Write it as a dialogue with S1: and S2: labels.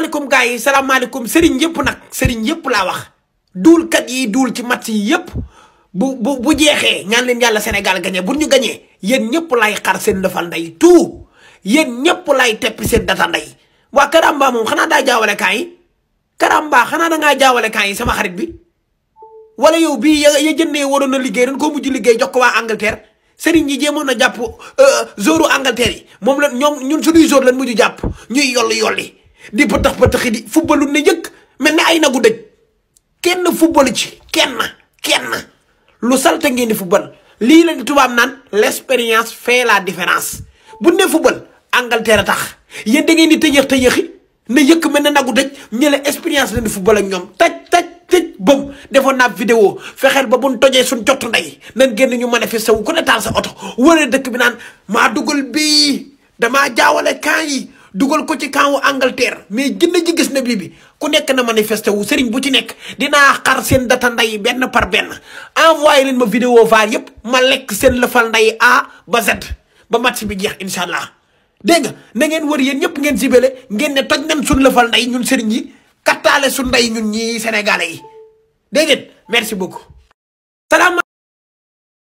S1: salaamaaleykum gars
S2: yi salaamaaleykum sëriñ yëpp nag sëriñ yëpp laa wax kat yi duul ci match yi yëpp bu bu bu jeexee ñaan leen yàlla Sénégal gagné bu ñu gagné yéen ñëpp lay xar seen defal ndey tout yéen ñëpp lay teppi seen data ndey waa Karamba moom xanaa daa jaawale kaa yi Karamba xanaa da ngaa jaawale kaa yi sama xarit bi wala yow bi bii ya jëndee waroon na liggéey dañ koo mujj liggéey jox ko waa Angleterre sëriñ yi jéemoon na jàpp zoru euh, euh, Angleterre yi moom la ñoom ñun suñuy zor lan mujj jàpp ñuy yolli yolli. di patax pataxi di footballu ne yëkk mel ni ay nagu dëj kenn football ci kenn kenn lu salte ngeen di football lii la tubaab naan l'expérience fait la différence bu ne football Angleterre a tax yen de ngeen di tëjëx tëjëxi ne yëkk mel na nagu dëj ñu ne expérience leen di football ak ñoom taj taj tëj bëm defoon naa vidéo fexeel ba bu tojee suñ jot ndey nan génn ñu manifesté wu ku ne taal sa oto wëree dëkk bi naan maa dugal bii dama jaawale kan yi dugal ko ci camp wu mais gënna ji gis na bii bi ku nekk na manifesté wu sëriñ bu ci nekk dinaa xar seen data nday benn par benn envoyé leen ma vidéo vaar yëpp ma lekk seen lëfal nday A ba Z ba match bi jeex incha allah dégg nga na ngeen wër yéen ñëpp ngeen sibele ngeen ne toj nañ suñ lëfal nday ñun sëriñ yi kattaale suñ nday ñun ñi sénégalais yi dégg ngeen merci beaucoup